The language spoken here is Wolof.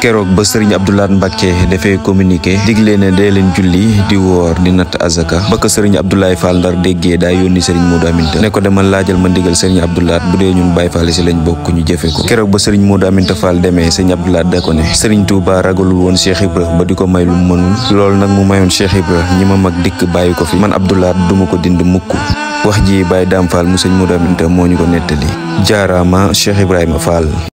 kérok ba serigne abdoulaat mbàkke dafay communiqué diglé né dé leen julli di wor di nat azaka ba ko serigne abdoulaye fall ndar déggé da yoni serigne moodu aminta né ko dama laajal ma ndigal serigne abdoulaat budé ñun bay fall ci lañ bokku ñu jëfe ko kérok ba serigne moodu aminta fall démé serigne abdoulaat da ko né serigne touba ragalul won cheikh ibra ba diko may lu mënu lool nak mu mayon cheikh ibra ñima mag dik bayiko fi man abdoulaat duma ko dind mukk wax ji bay dam fall mu serigne moodu aminta moñu ko netali jaarama cheikh ibrahima fall